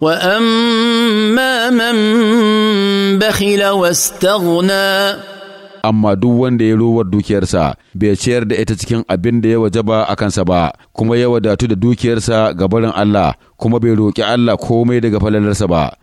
واما من بخل واستغنى amma duk wanda ya robar dukiyarsa bai ciyar da ita cikin abin da ya wajaba a kansa ba kuma ya wadatu da dukiyarsa ga barin Allah kuma bai roƙi Allah komai daga falalarsa ba